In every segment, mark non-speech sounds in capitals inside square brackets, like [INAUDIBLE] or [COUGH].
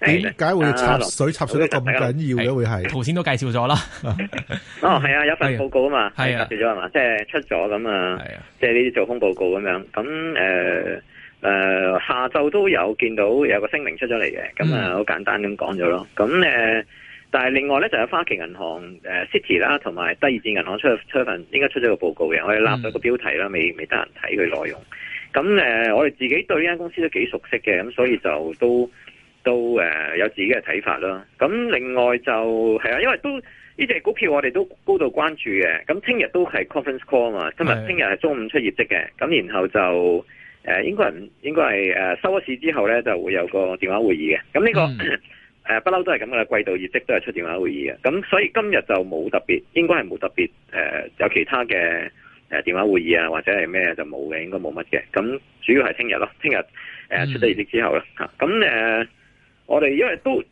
點解會插水，插水得咁緊要嘅會係？頭先都介紹咗啦，哦 [LAUGHS] 係啊，啊，有份報告啊嘛，係啊，出咗係嘛，即係出咗咁啊，是啊，即係呢啲做空報告咁樣。咁誒誒，下晝都有見到有一個聲明出咗嚟嘅，咁啊好簡單咁講咗咯。咁、嗯、誒，但係另外咧就有花旗銀行誒、呃、City 啦，同埋德意志銀行出了出了份，應該出咗個報告嘅。我哋立咗個標題啦、嗯，未未得人睇佢內容。咁誒，我哋自己對呢間公司都幾熟悉嘅，咁所以就都。都誒、呃、有自己嘅睇法囉。咁另外就係呀，因為都呢隻股票我哋都高度關注嘅。咁聽日都係 conference call 嘛。今日、聽日係中午出業績嘅。咁然後就誒、呃、應該人應該係誒、呃、收咗市之後呢，就會有個電話會議嘅。咁呢、呢個誒不嬲都係咁嘅啦。季度業績都係出電話會議嘅。咁所以今日就冇特別，應該係冇特別誒、呃、有其他嘅電話會議啊，或者係咩就冇嘅，應該冇乜嘅。咁主要係聽日囉，聽日、呃、出咗業績之後咧咁我哋因為都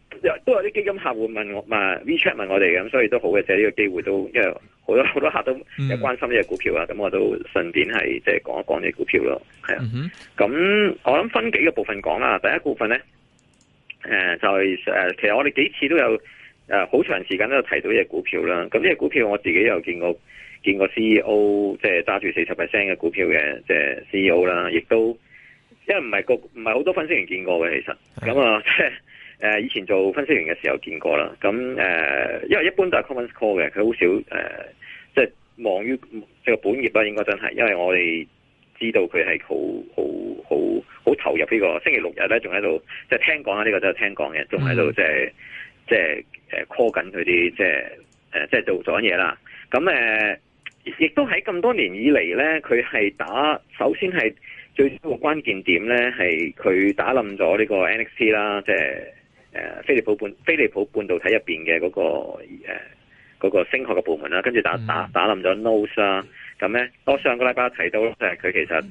都有啲基金客戶問我，問 WeChat 問我哋咁，所以都好嘅，借、這、呢個機會都因為好多好多客都關關心呢隻股票啦咁、mm. 嗯、我都順便係即係講一講呢隻股票咯，係啊。咁、mm -hmm. 嗯、我諗分幾個部分講啦，第一部分咧，誒、呃、就係、是、誒、呃，其實我哋幾次都有誒好、呃、長時間都有提到呢隻股票啦。咁呢隻股票我自己有見過見過 C E O，即係揸住四十 percent 嘅股票嘅，即、就、係、是、C E O 啦，亦都因為唔係個唔係好多分析員見過嘅，其實咁、嗯嗯、啊，即、就、係、是。誒、呃、以前做分析員嘅時候見過啦，咁誒、呃、因為一般都係 conference call 嘅，佢好少誒，即係忙於即係、呃、本業啦，應該真係，因為我哋知道佢係好好好好投入呢個星期六日咧，仲喺度即係聽講啦，呢個、呃、都係聽講嘅，仲喺度即係即係誒 call 緊佢啲即係誒即係做咗嘢啦。咁誒亦都喺咁多年以嚟咧，佢係打首先係最主要個關鍵點咧，係佢打冧咗呢個 NXT 啦，即係。誒、呃，飛利浦半飛利浦半導體入邊嘅嗰個誒，嗰、呃、那個聲學嘅部門啦、啊，跟住打打打冧咗 Nose 啦、啊，咁咧我上個禮拜睇到就係佢其實誒、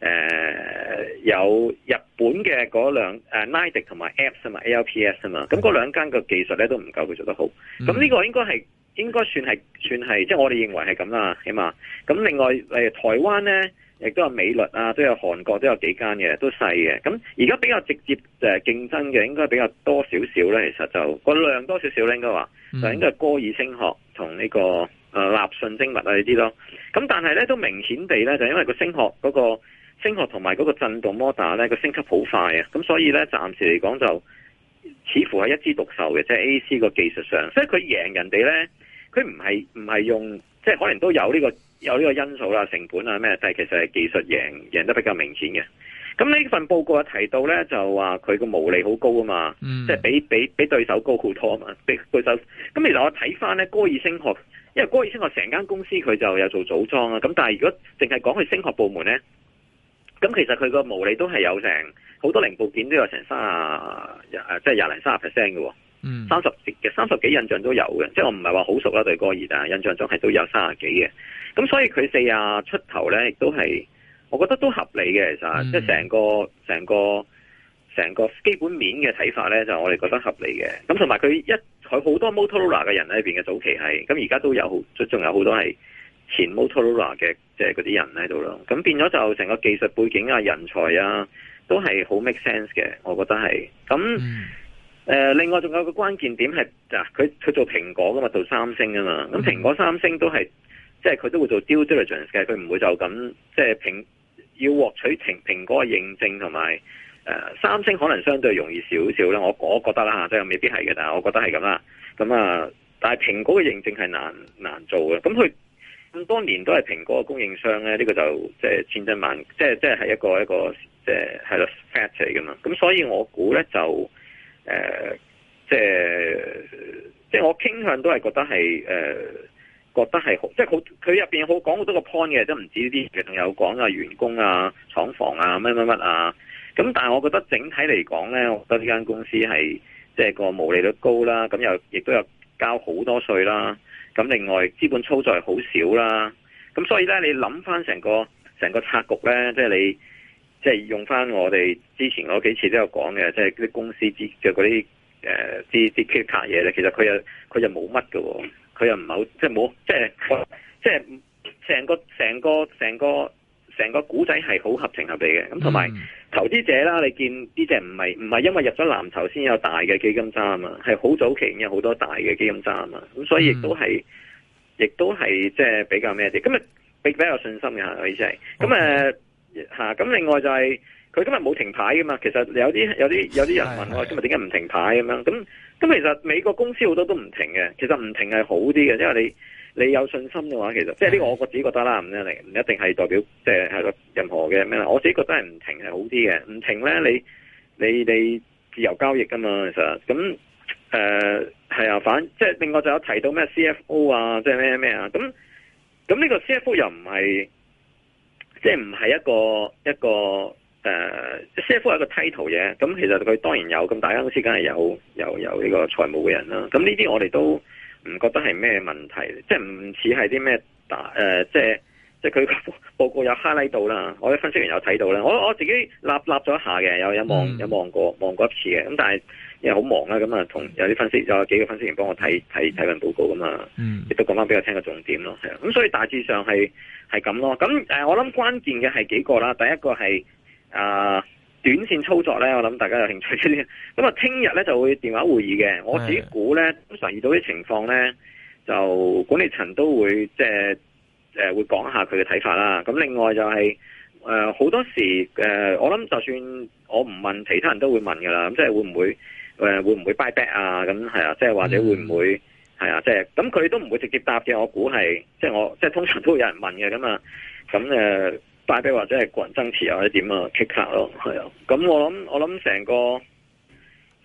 呃、有日本嘅嗰兩誒 Nidek 同埋 APS 啊嘛 ALPS 啊嘛，咁嗰兩間嘅技術咧都唔夠佢做得好，咁呢個應該係應該算係算係，即係我哋認為係咁啦，起碼，咁另外誒台灣咧。亦都有美律啊，都有韓國都有幾間嘅，都細嘅。咁而家比較直接誒競爭嘅，應該比較多少少咧。其實就個量多少少，應該話就、嗯、應該係歌爾聲學同呢、這個誒、呃、立訊精密啊呢啲咯。咁但係咧都明顯地咧，就因為那個聲學嗰、那個聲學同埋嗰個震動摩打咧，個升級好快啊。咁所以咧暫時嚟講就似乎係一枝獨秀嘅，即係 A C 個技術上，所以佢贏人哋咧，佢唔係唔係用即係可能都有呢、這個。有呢個因素啦，成本啊咩，但係其實係技術贏贏得比較明顯嘅。咁呢份報告啊提到咧，就話佢個毛利好高啊嘛，mm. 即係比比比對手高好多啊嘛，比對手。咁其實我睇翻咧，歌爾聲學，因為歌爾聲學成間公司佢就有做組裝啊。咁但係如果淨係講佢聲學部門咧，咁其實佢個毛利都係有成好多零部件都有成三十，即係廿零三十 percent 嘅。三十三十幾印象都有嘅，mm. 即係我唔係話好熟啦對歌爾，但印象中係都有三十幾嘅。咁所以佢四廿出頭咧，亦都係，我覺得都合理嘅。其實即係成個成個成個基本面嘅睇法咧，就是、我哋覺得合理嘅。咁同埋佢一佢好多 Motorola 嘅人喺邊嘅早期係，咁而家都有，好仲有好多係前 Motorola 嘅即係、就、嗰、是、啲人喺度咯。咁變咗就成個技術背景啊、人才啊，都係好 make sense 嘅。我覺得係咁。誒、mm. 呃，另外仲有個關鍵點係，嗱，佢佢做蘋果噶嘛，做三星㗎嘛，咁蘋果、三星都係。即係佢都會做 due diligence 嘅，佢唔會就咁即係蘋要獲取蘋蘋果嘅認證同埋誒三星可能相對容易少少啦，我我覺得啦嚇，即係未必係嘅，但係我覺得係咁啦。咁、嗯、啊，但係蘋果嘅認證係難難做嘅。咁佢咁多年都係蘋果嘅供應商咧，呢、這個就即係千真萬即係即係係一個一個即係係咯 fact 嚟噶嘛。咁所以我估咧就誒、呃、即係即係我傾向都係覺得係誒。呃覺得係好，即係好，佢入面好講好多個 point 嘅，都唔止呢啲，仲有講啊員工啊廠房啊咩咩乜啊。咁但係我覺得整體嚟講呢，我覺得呢間公司係即係個毛利率高啦，咁又亦都有交好多稅啦。咁另外資本操作好少啦。咁所以呢，你諗翻成個成個策局呢，即係你即係用翻我哋之前嗰幾次都有講嘅，即係啲公司之嘅嗰啲誒啲啲 key 牌嘢呢，其實佢又佢又冇乜嘅喎。佢又唔係好，即係冇，即係，即係成個成個成個成個故仔係好合情合理嘅。咁同埋投資者啦，你見呢隻唔係唔係因為入咗藍籌先有大嘅基金揸啊嘛，係好早期有好多大嘅基金揸啊嘛。咁所以亦、嗯、都係，亦都係即係比較咩啲。咁啊，比比較信心嘅嚇，意思係。咁誒吓，咁另外就係、是。佢今日冇停牌噶嘛？其實有啲有啲有啲人問我今日點解唔停牌咁樣？咁咁其實美國公司好多都唔停嘅。其實唔停係好啲嘅，因為你你有信心嘅話，其實即係呢個我自己覺得啦，唔一定唔一定係代表即係係個任何嘅咩？我自己覺得係唔停係好啲嘅。唔停呢，你你你自由交易噶嘛？其實咁誒係啊，反即係另外就有提到咩 CFO 啊，即係咩咩啊？咁咁呢個 CFO 又唔係即係唔係一個一個？一個誒 CFO 係個 title 嘢，咁其實佢當然有，咁大間公司梗係有，有有呢個財務嘅人啦。咁呢啲我哋都唔覺得係咩問題，即係唔似係啲咩大誒，即係即係佢報告有 highlight 到啦。我啲分析員有睇到啦，我我自己立立咗下嘅，有有望、mm. 有望過望過一次嘅。咁但係因為好忙啦，咁啊同有啲分析有幾個分析員幫我睇睇睇份報告噶嘛，亦都講翻俾我聽個重點咯。係啊，咁所以大致上係係咁咯。咁誒，我諗關鍵嘅係幾個啦，第一個係。啊、uh，短線操作咧，我諗大家有興趣啲。咁啊，聽日咧就會電話會議嘅。我自己估咧，通常遇到啲情況咧，就管理層都會即係誒、呃，會講下佢嘅睇法啦。咁另外就係、是、誒、好、呃、多時誒、呃，我諗就算我唔問，其他人都會問噶啦。咁即係會唔會誒、呃，會唔會 buy back 啊？咁係啊，即、就、係、是、或者會唔會係、嗯、啊？即係咁，佢都唔會直接答嘅。我估係即係我即係通常都會有人問嘅咁啊。咁誒。呃或者係個人爭持或者點啊，kick out 咯，係啊，咁我諗我諗成個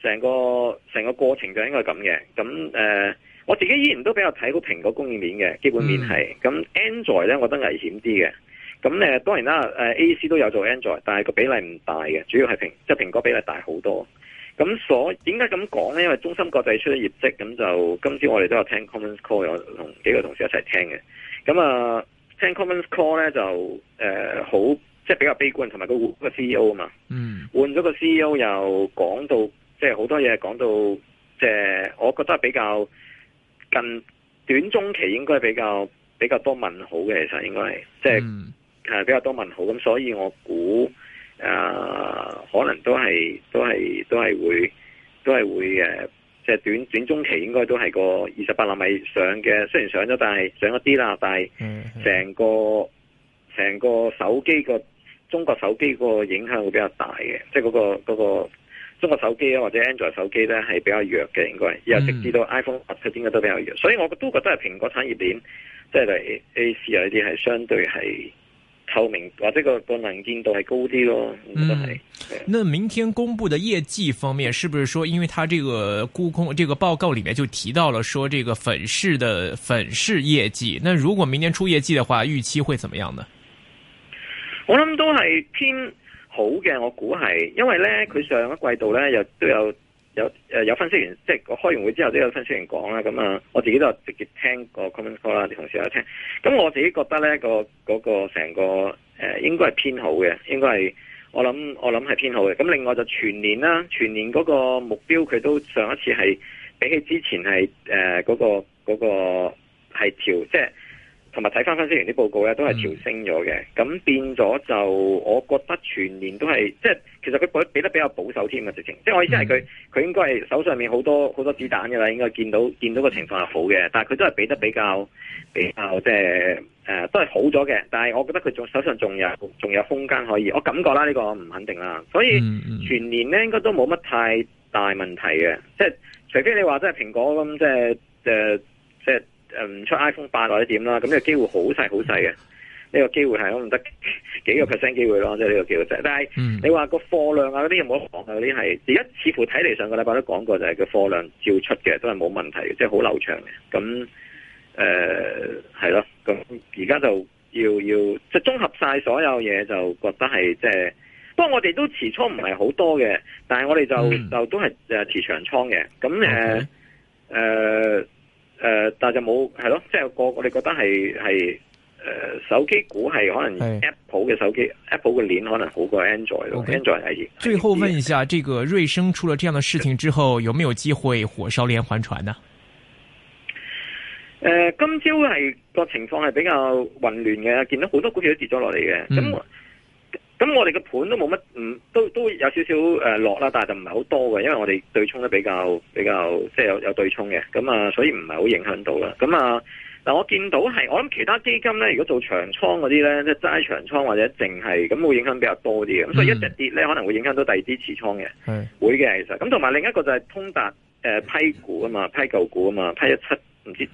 成個成個過程就應該係咁嘅，咁誒、呃、我自己依然都比較睇好蘋果供應鏈嘅基本面係，咁 Android 咧我覺得危險啲嘅，咁咧、呃、當然啦、呃、A C 都有做 Android，但係個比例唔大嘅，主要係蘋即係蘋果比例大好多。咁所點解咁講咧？因為中芯國際出咗業績，咁就今朝我哋都有聽 conference call，有同幾個同事一齊聽嘅，咁啊。呃聽 Commons Call 咧就誒、呃、好，即係比較悲觀，同埋個個 CEO 啊嘛，嗯，換咗個 CEO 又講到，即係好多嘢講到，即係我覺得比較近短中期應該係比較比較多問好號嘅，其實應該係即係、嗯啊、比較多問號，咁所以我估啊、呃、可能都係都係都係會都係會誒。呃即係短短中期應該都係個二十八納米上嘅，雖然上咗，但係上咗啲啦，但係成個成個手機個中國手機個影響會比較大嘅，即係嗰個中國手機或者 Android 手機咧係比較弱嘅，應該係又直至到 iPhone update 應該都比較弱，所以我都覺得係蘋果產業鏈，即係例如 AC 啊呢啲係相對係。透明或者個個能見度係高啲咯，我覺得係。那明天公布嘅業績方面，是不是說，因為佢這個沽空，這個報告裏面就提到了說，這個粉飾的粉飾業績。那如果明天出業績的話，預期會怎麼樣呢？我諗都係偏好嘅，我估係，因為呢，佢上一季度呢，又都有。有有誒分析員，即係開開完會之後都有分析員講啦。咁啊，我自己都直接聽個 commentary 啦，同時都聽。咁我自己覺得呢、嗰個嗰、嗰個成個誒應該係偏好嘅，應該係我諗我諗係偏好嘅。咁另外就全年啦，全年嗰個目標佢都上一次係比起之前係誒嗰個嗰、嗰個係調即係。同埋睇翻分析員啲報告咧，都係調升咗嘅。咁、嗯、變咗就，我覺得全年都係即係，其實佢保比得比較保守添嘅直情。即係我意思係佢佢應該係手上面好多好多子彈嘅啦。應該見到見到個情況係好嘅，但係佢都係比得比較比較即係誒、呃，都係好咗嘅。但係我覺得佢仲手上仲有仲有空間可以，我感覺啦呢、呢個唔肯定啦。所以全年咧應該都冇乜太大問題嘅，即係除非你話即係蘋果咁即係誒即係。唔、嗯、出 iPhone 八或者點啦，咁、這、呢個機會好細好細嘅，呢、呢個機會係可能得幾個 percent 機會咯，即係呢個機會細。但係、嗯、你話個貨量啊嗰啲有冇講嗰啲係而家似乎睇嚟上個禮拜都講過就都，就係個貨量照出嘅，都係冇問題嘅，即係好流暢嘅。咁誒係咯，咁而家就要要即係綜合晒所有嘢，就覺得係即係。不過我哋都持倉唔係好多嘅，但係我哋就、嗯、就都係誒持長倉嘅。咁誒誒。Okay. 呃嗯誒、呃，但係就冇係咯，即係個我哋覺得係係誒，手機股係可能 Apple 嘅手機，Apple 嘅鏈可能好過 Android 咯、okay.，Android 係。最後問一下，這個瑞聲出了這樣嘅事情之後，有沒有機會火燒連環船呢？誒、呃，今朝係個情況係比較混亂嘅，見到好多股票都跌咗落嚟嘅，咁、嗯。咁我哋嘅盤都冇乜，唔、嗯、都都有少少落啦，但係就唔係好多嘅，因為我哋對沖得比較比較即係有有對沖嘅，咁啊，所以唔係好影響到啦。咁啊，嗱，我見到係，我諗其他基金咧，如果做長倉嗰啲咧，即係齋長倉或者淨係，咁會影響比較多啲嘅。咁所以一隻跌咧，可能會影響到第二支持倉嘅，mm-hmm. 會嘅其實。咁同埋另一個就係通達、呃、批股啊嘛，批舊股啊嘛，批一七唔知。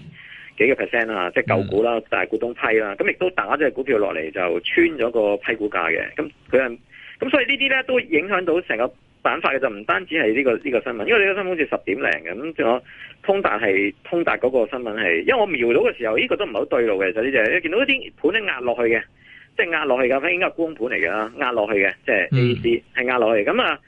幾個 percent 啊，即係舊股啦，大股東批啦，咁亦都打隻股票落嚟就穿咗個批股價嘅，咁佢咁所以呢啲咧都影響到成個板塊嘅，就唔單止係呢個呢個新聞，因為呢個新聞好似十點零嘅，咁仲有通達係通達嗰個新聞係，因為我瞄到嘅時候呢個都唔係好對路嘅就呢隻，你見到一啲盤咧壓落去嘅，即係壓落去嘅，應該係光盤嚟嘅啦，壓落去嘅，即係 A D 係壓落去，咁啊。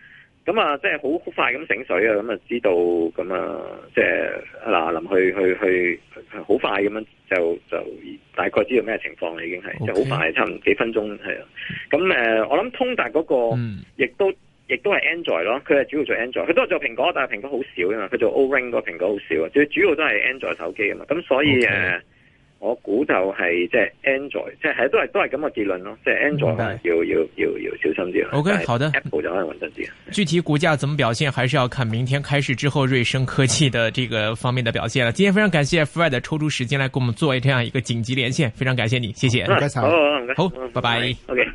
咁啊，即係好快咁醒水啊！咁、嗯、啊，知道咁啊、嗯，即係嗱，臨去去去，好快咁樣就就大概知道咩情況啦，已經係即係好快，差唔幾分鐘係啦。咁誒、啊，我諗通達嗰、那個亦、嗯、都亦都係 Android 咯，佢係主要做 Android，佢都係做蘋果，但係蘋果好少啊嘛，佢做 O Ring 個蘋果好少啊，最主要都係 Android 手機啊嘛、咁、嗯、所以誒、啊。Okay. 我估就係即係 Android，即係都係都係咁個結論咯，即係 Android 要、嗯、要要要，要小心啲。O、okay, K 好的，Apple 就可能穩得啲。具體股價怎麼表現，還是要看明天開市之後瑞聲科技的這個方面的表現啦。今天非常感謝 Fred 抽出時間來跟我們做這樣一個緊急連線，非常感謝你，謝謝，唔該晒，好，好，拜拜，O K。